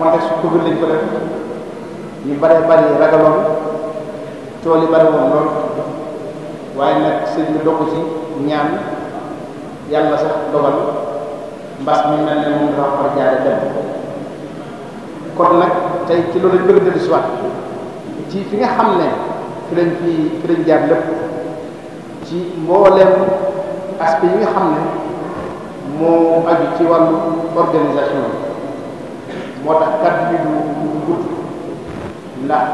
contexte Covid lañ ko def ñu baree bari ragaloon tool yi bari woon lool waaye nag sëñ bi ci ñaan yàlla sax dogal mbas mi mel ne moom dafa war a jaare dem kon nag tey ci loolu lañ bëgg dellu ci fi nga xam ne fi lañ fi fi jaar lépp ci mbooleem aspect yi nga xam ne moo aju ci wàllu organisation bi moo tax kàddu bi du gudd ndax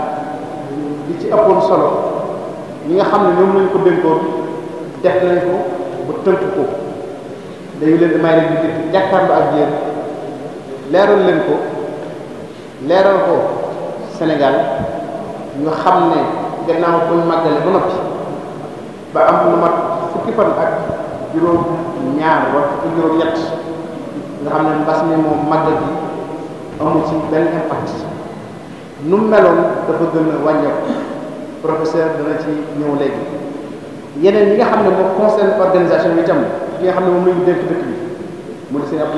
li ci ëppoon solo ñi nga xam ne ñoom lañ ko dénkoon def nañ ko ba tënk ko dañu leen di may leeral leen ko leeral ko Sénégal ñu xam ne gannaaw buñ màggale ba noppi ba am lu mat fukki fan ak juróom ñaar wala fukki juróom ñett nga xam ne mbas mi moom màggal gi amul ci benn impact nu meloon dafa gën a wàññeeku professeur dana ci ñëw léegi yeneen yi nga xam ne moom concerne organisation bi tam ki nga xam ne moom la ñu dénk dëkk bi mu seen ab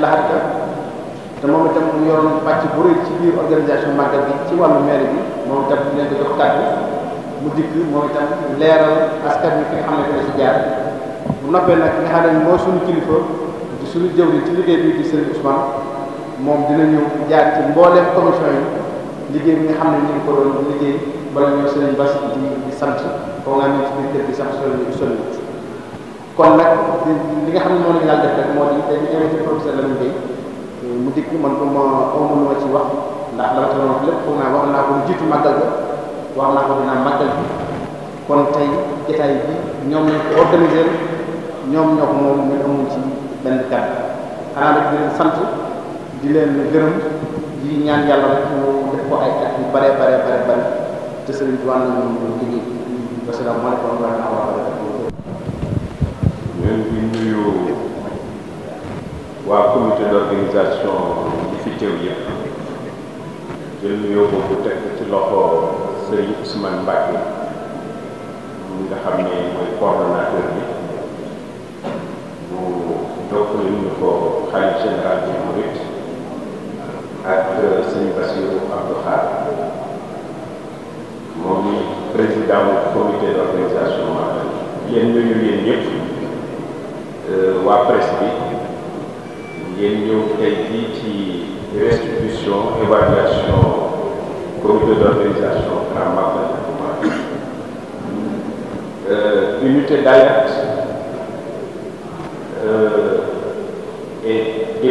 te moom itam mu yoroon pàcc bu rëy ci biir organisation màggal bi ci wàllu maire bi moom itam di leen di jox kàddu mu dikk moom itam leeral askan wi fi nga xam ne dina si jaar bu noppee nag nga xam ne mooy suñu kilifa di suñu jëwriñ ci liggéey bi di Serigne Ousmane moom dina ñëw jaar ci mbooleem commission yi liggéey bi nga xam ne ñu ngi ko doon liggéey bala ñëw sëriñ Bass di di sant boo nga ne ci biir kër gi sax solo solo kon nag li nga xam ne moom la ñu def rek moo di dañu invité professeur Lamine Gueye euh, mu dikk man ko ma amoon ma ci wax ndax dama tax wax lépp foog naa wax naa ko jiitu màggal ga wax naa ko dinaa màggal bi kon tey jotaay bi ñoom lañ ko organisé ñoom ñoo ko moom ñu amuñ ci benn kàddu xanaa nag di leen di leen gërëm di ñaan yàlla rek mu def ko ay at yu bare bare bare bare te sëriñ bi wàll nañu ñu liggéey asalaamaaleykum wa rahmatulah wa barakatuh leen di nuyu waa comité d'organisation yi fi teew yëpp jël nuyoo boobu teg ci loxo sëriñ Ousmane Mbacke mi nga xam ne mooy coordonnateur bi mu doxalin ñu ko xalifa général bi Mouride ak euh, sëñ Bassirou Abdou Khar moom mi président bu comité d' organisation Magal yéen ñu ñu yéen ñëpp euh, waa presse bi ngeen ñëw tey jii ci restitution évaluation comité d' organisation Grand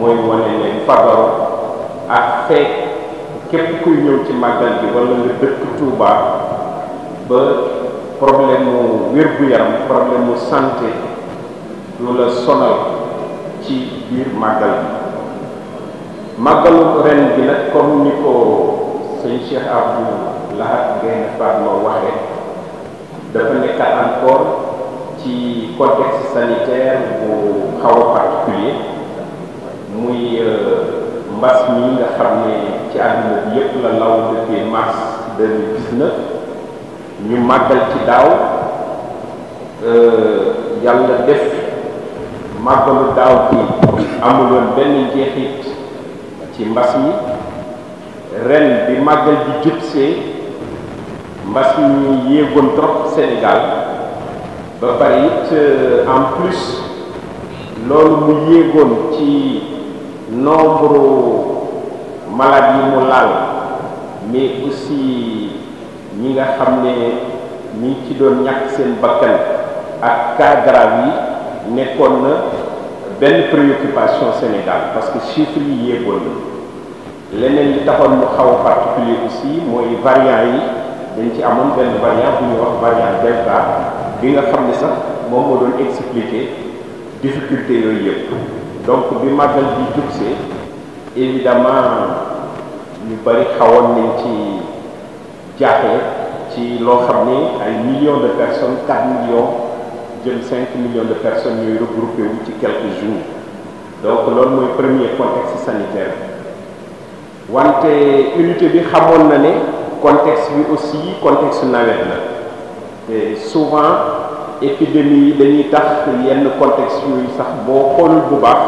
mooy wane ne fagaru ak fekk képp kuy ñëw ci màggal bi wala nga dëkk Touba ba problème mu wér-gu-yaram problème santé lu la sonal ci biir màggal bi màggalu ren bi nag comme ni ko sëñ Cheikh Abdou Lahad Gaïndé Fatma waxe dafa nekkat encore ci contexte sanitaire bu xaw particulier muy euh, mbas mi nga xam ne ci àdduna bi yépp la law depuis mars 2019 ñu màggal ci daaw euh, yàlla def màggalu daaw bi amuloon benn njeexit ci mbas mi ren bi màggal bi jubsee mbas mi yéegoon trop Sénégal ba pare it euh, en plus loolu mu yéegoon ci nombre maladie yi mu mais aussi ni nga famille ni qui donne ci doon ñàkk seen bakkan ak cas grave yi nekkoon na benn préoccupation Sénégal parce que chiffre yi est bon leneen li nous mu xaw a particulier aussi mooy variant yi dañ ci amoon benn variant une autre wax variant delta bi nga femme de sax moom moo doon expliquer difficulté yooyu donc bi magal bi c'est évidemment ñu bari xawoon nañ ci jaaxle ci loo xam ay millions de personnes 4 millions 5 millions de personnes ñooy regroupé ci quelques jours donc c'est le premier contexte sanitaire wante unité bi xamoon na ne contexte bi aussi contexte nawet la et souvent épidémie dañuy tax yenn contexte yooyu sax boo xoolul bu baax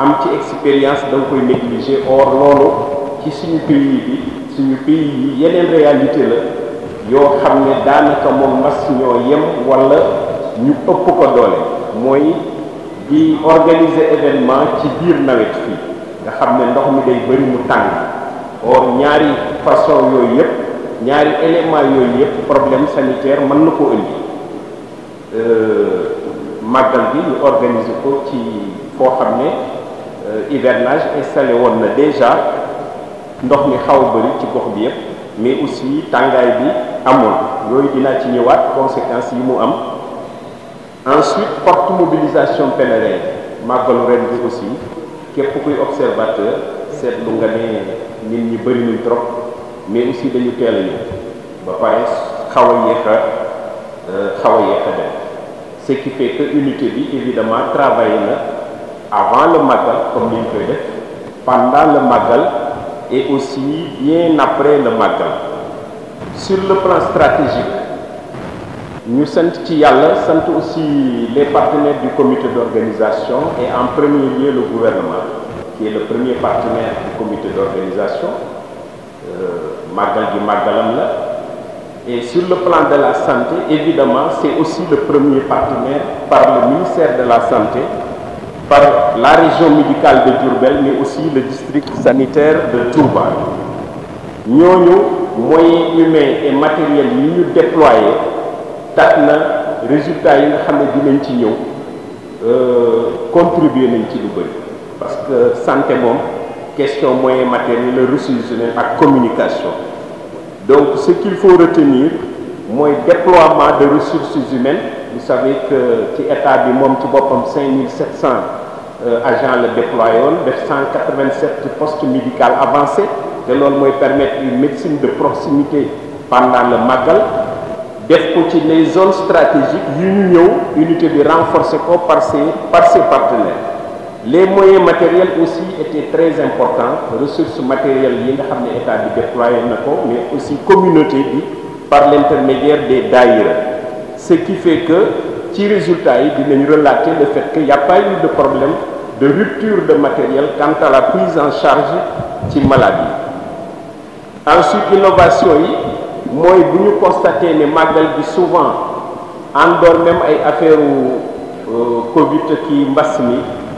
am ci expérience da nga koy négliger or loolu ci suñu pays bi suñu pays yi yeneen réalité la yoo xam ne daanaka moom mas ñoo yem wala ñu ëpp ko doole mooy di organiser événement ci biir nawet fii nga xam ne ndox mi day bëri mu tàng or ñaari façon yooyu yëpp ñaari élément yooyu yëpp problème sanitaire mën na ko indi euh, magal bi ñu organisé ko ci foo xam ne euh, hivernage installé woon na déjà ndox mi xaw bëri ci gox bi yëpp mais aussi tàngaay bi amul yooyu dinaa ci ñëwaat conséquences yi mu am ensuite forte mobilisation pèlerin màggalu ren bi aussi képp kuy observateur seetlu nga ne nit ñi bëri nañ trop mais aussi dañu teel a ñëw ba pare xaw a yéex a euh, xaw a yéex a dem ce qui fait que unité évidemment travaille avant le magal comme il pendant le magal et aussi bien après le magal sur le plan stratégique nous sommes, aussi les partenaires du comité d'organisation et en premier lieu le gouvernement qui est le premier partenaire du comité d'organisation euh, magal du magalam et sur le plan de la santé, évidemment, c'est aussi le premier partenaire par le ministère de la Santé, par la région médicale de Durbel, mais aussi le district sanitaire de avons les moyens humains et matériels nous déployés. déployé résultats yi nga euh, contribuer à parce que santé question moyens matériels, la ressources humaines la communication donc ce qu'il faut retenir le déploiement de ressources humaines vous savez que l'État état bi 5700 euh, agents le le 187 postes médicaux avancés de loolu permettre une médecine de proximité pendant le magal. def ko les zones stratégiques une unité de renforcement par ses partenaires les moyens matériels aussi étaient très importants ressources matérielles yi nga mais aussi communauté par l'intermédiaire des daïra ce qui fait que ci résultat yi dinañ relater le fait qu'il n'y a pas eu de problème de rupture de matériel quant à la prise en charge ci maladie ensuite l'innovation, yi moy buñu constater constaté que souvent en dehors même ay affaire euh, Covid qui mbass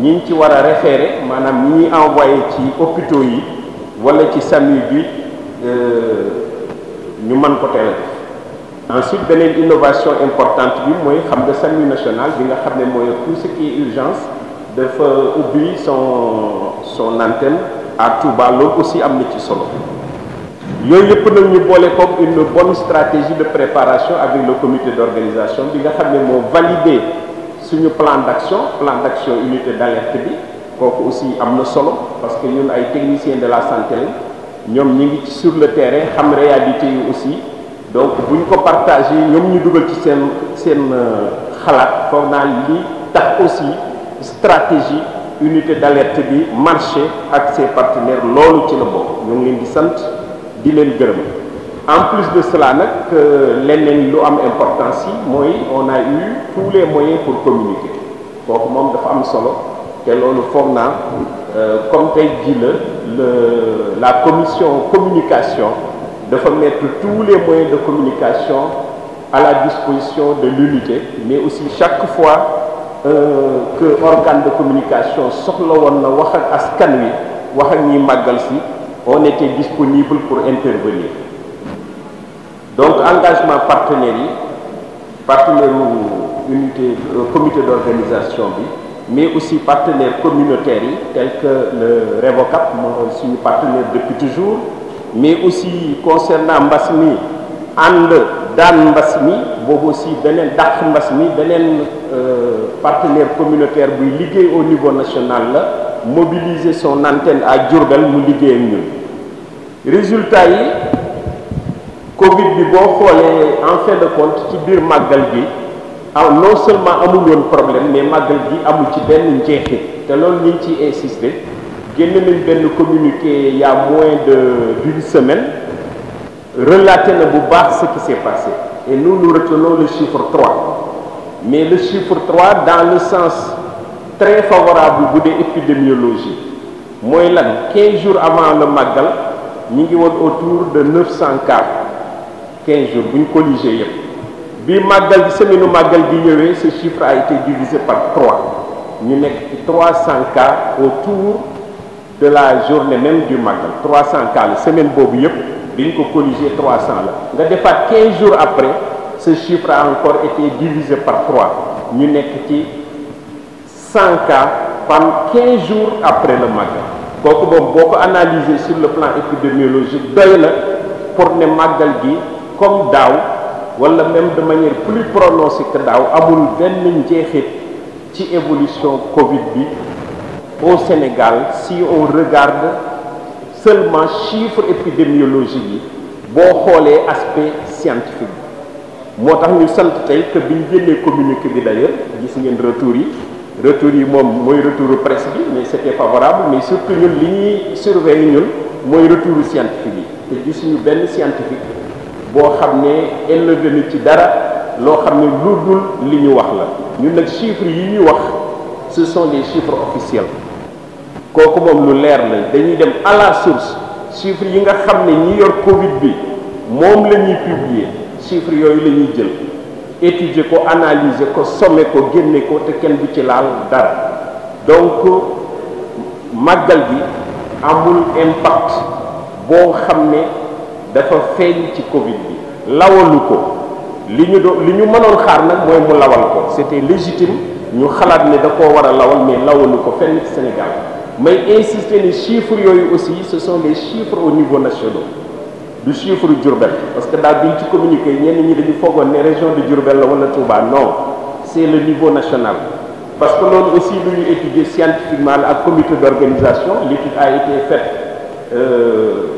ñiñ ci war a référé maanaam ñi envoyé ci hôpitaux yi wala ci SAMU bi euh, ñu mën ko teel ensuite beneen innovation importante bi mooy xam nga SAMU national bi nga xam ne mooy tout ce qui est urgence dafa ubbi son son antenne à Touba loolu aussi am na ci solo yooyu yëpp nag ñu boole comme une bonne stratégie de préparation avec le comité d'organisation bi nga xam ne moo validé suñu plan d'action plan d'action unité d'alerte bi kooku aussi am na solo parce que ñun ay techniciens de la santé nous ñoom ngi ci sur le terrain xam réalité yi aussi donc vous pouvez ko partagé ñoom ñu dugal ci seen seen euh, xalaat foog naa li tax aussi stratégie unité d'alerte bi marché ak ses partenaires loolu ci la bokk ñu ngi leen di di leen en plus de cela que les lu am on a eu tous les moyens pour communiquer Donc, le de femmes solo te loolu euh, comme la la commission communication de mettre tous les moyens de communication à la disposition de l'unité mais aussi chaque fois euh, que organe de communication on était disponible pour intervenir donc engagement partenaires unité euh, comité d'organisation mais aussi partenaires communautaires tels que le Revocap je partenaire depuis toujours mais aussi concernant Mbassimi, and Dan Mbassimi, aussi Benen dàq euh, partenaire communautaire ligué au niveau national mobiliser son antenne à Djurgan nous lier mieux. résultat est Covid bi boo xoolee en fin de compte ci biir màggal gi ah, non seulement amul problème mais màggal a amul ci benn njeexit te loolu ñu nous avons insister communiqué il y a moins d'une semaine relaté na bu ce qui s'est passé et nous nous retenons le chiffre 3 mais le chiffre 3 dans le sens très favorable bu dee épidémiologie 15 jours avant le màggal nous ngi autour de 900 cas 15 jours une ko ligé yëpp ce chiffre a été divisé par 3 Nous avons 300 cas autour de la journée même du matin. 300 cas la semaine boobu une bi ñu 300 la nga 15 jours après ce chiffre a encore été divisé par 3 Nous avons 100 cas pendant 15 jours après le matin. Donc, boobu boo sur le plan épidémiologique pour que magal comme daaw wala même de manière plus prononcée que daaw amul benn njeexit ci évolution Covid bi au Sénégal si on regarde seulement chiffre épidémiologie yi boo xoolee aspect scientifique bi moo tax ñu sant tey que biñ génnee communiqué bi d'ailleurs gis ngeen retour yi retour yi moom mooy retouru presse bi mais c'était favorable mais surtout ñun li ñuy surveiller ñun mooy retouru scientifique yi te gisuñu benn scientifique boo xam ne élevé na ci dara loo xam ne lu dul li ñu wax la ñun nag chiffres yi ñu wax ce sont les chiffres officiels kooku moom lu leer la dañuy dem à la source chiffres yi nga xam ne ñi yor Covid bi moom la ñuy publier chiffres yooyu la ñuy jël étudier ko analyser ko sommer ko génne ko te kenn du ci laal dara donc màggal bi amul impact boo xam ne dafa feeñ ci Covid bi lawalu ko li ñu do li ñu mënoon xaar nag mooy mu lawal ko c'était légitime ñu xalaat ne da koo war a lawal mais lawalu ko fenn ci Sénégal mais insister les chiffres yooyu aussi ce sont des chiffres au niveau national du chiffre Diourbel parce que daal biñ ci communiqué ñenn ñi dañu foogoon ne région de Diourbel la wala Touba non c'est le niveau national parce que loolu aussi lu ñu étudier scientifiquement la comité d'organisation l'étude a été faite euh,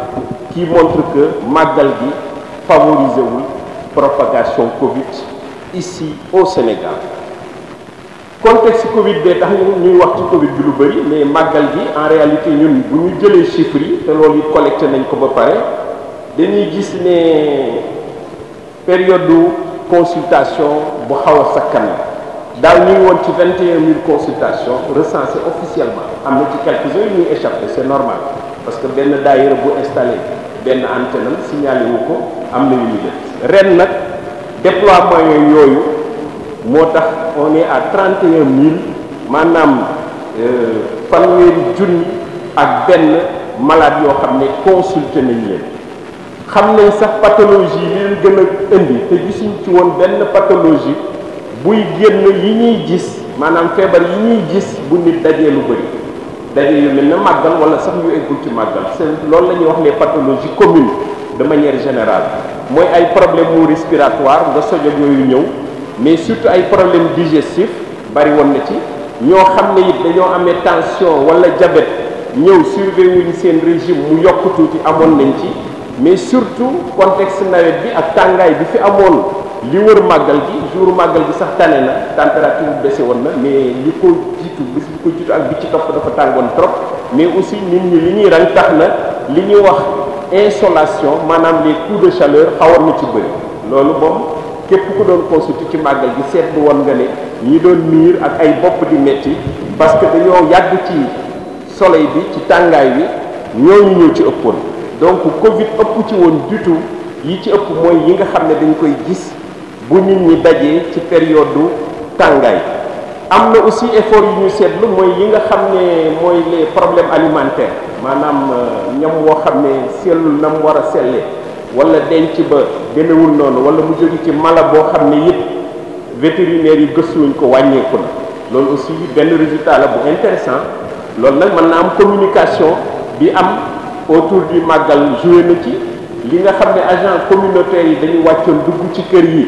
qui montre que màggal favorise favorisé propagation Covid ici au Sénégal contexte Covid nous avons ñuy wax Covid de mais Magalgi, en réalité nous avons ñu chiffres nous les collecté nañ ko ba de dañuy consultation bu la a Nous 000 consultations recensées officiellement nous avons ci quelques-uns échappé c'est normal. parce que benn daayira bu installé benn antenne am signalé ko am na yu ñu def ren nag déploiement yooyu moo tax on est à 31 000 maanaam euh, fanweeri junni ak benn malade yoo xam ne consulté nañ leen xam nañ sax pathologie yi leen gën a indi te gisuñ ci woon benn pathologie buy génn yi ñuy gis maanaam feebar yi ñuy gis bu nit dajee lu bëri. daje yu mel ne màggal wala sax ñu eggul ci màggal c'est loolu la ñuy wax les pathologies communes de manière générale mooy ay problème mu respiratoire nga sojo yooyu ñëw mais surtout ay problème digestif bari woon na ci ñoo xam ne it dañoo amee tension wala diabète ñëw suivi wuñ seen régime mu yokk tuuti amoon nañ ci mais surtout contexte nawet bi ak tàngaay bi fi amoon li wër màggal gi jour màggal gi sax tane na température baissé woon na mais li ko jiitu bis bi ko jiitu ak bi ci topp dafa tàngoon trop mais aussi nit ñi li ñuy rang tax na li ñuy wax insolation maanaam les coups de chaleur xawoon na ci bëri loolu moom képp ku doon consulté ci màggal gi seetlu woon nga ne ñi doon miir ak ay bopp di metti parce que dañoo yàgg ci soleil bi ci tàngaay bi ñooñu ñëw ci ëppoon donc Covid ëpp ci woon du tout yi ci ëpp mooy yi nga xam ne dañ koy gis bu nit ñi dajee ci période tàngaay am na aussi effort yu ñu seetlu mooy yi nga xam ne mooy les problèmes alimentaires maanaam euh, ñam woo xam ne sellul na mu war a selle wala denc ba demewul noonu wala mu jóge ci mala boo xam ne yëpp vétérinaires yi gëstuwuñ ko wàññeeku na loolu aussi benn résultat la bu intéressant loolu nag mën na am communication bi am autour du màggal joué na ci li nga xam ne agent communautaire yi dañu wàccoon dugg ci kër yi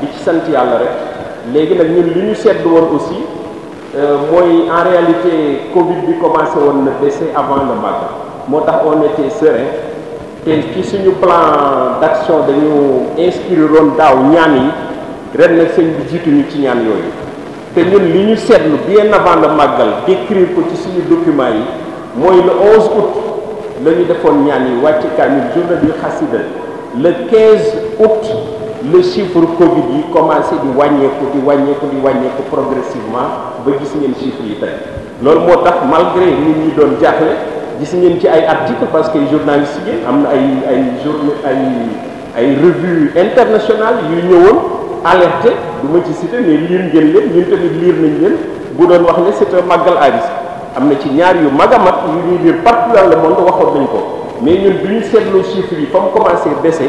di ci sant yàlla rek léegi nag ñun li ñu seetlu woon aussi euh, mooy en réalité Covid bi commencé woon na baisser avant le Magal moo tax on était serein te ci suñu plan d'action dañu inscrire woon daaw ñaan yi ren nag sëñ bi jiitu ci ñaan yooyu te ñun li ñu seetlu bien avant le Magal décrire ko ci suñu document yi mooy le 11 août la ñu defoon ñaan yi wàcc kaamil journée du xasida le 15 août le chiffre Covid yi commencé di wàññeeku di wàññeeku di wàññeeku progressivement ba gis ngeen chiffre yi tey loolu moo tax malgré nit ñi doon jaaxle gis ngeen ci ay articles parce que journalistes yi am na ay ay journaux ay ay revues internationales yu ñëwoon alerté du ma ci cité mais liir ngeen leen ñun tamit lire nañ leen bu doon wax ne c'est un magal à risque am na ci ñaar yu mag a mag yu ñuy liir partout dans le monde waxoon nañ ko mais ñun duñu seetloo chiffre yi fa mu commencé baisser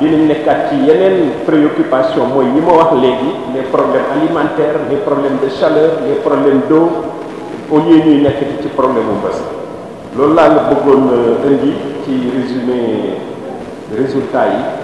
Il y ci yeneen préoccupation mooy yi ma wax les problèmes alimentaires les problèmes de chaleur les problèmes d'eau au y a des problèmes problème mu mbas loolu laa euh, indi ci résultat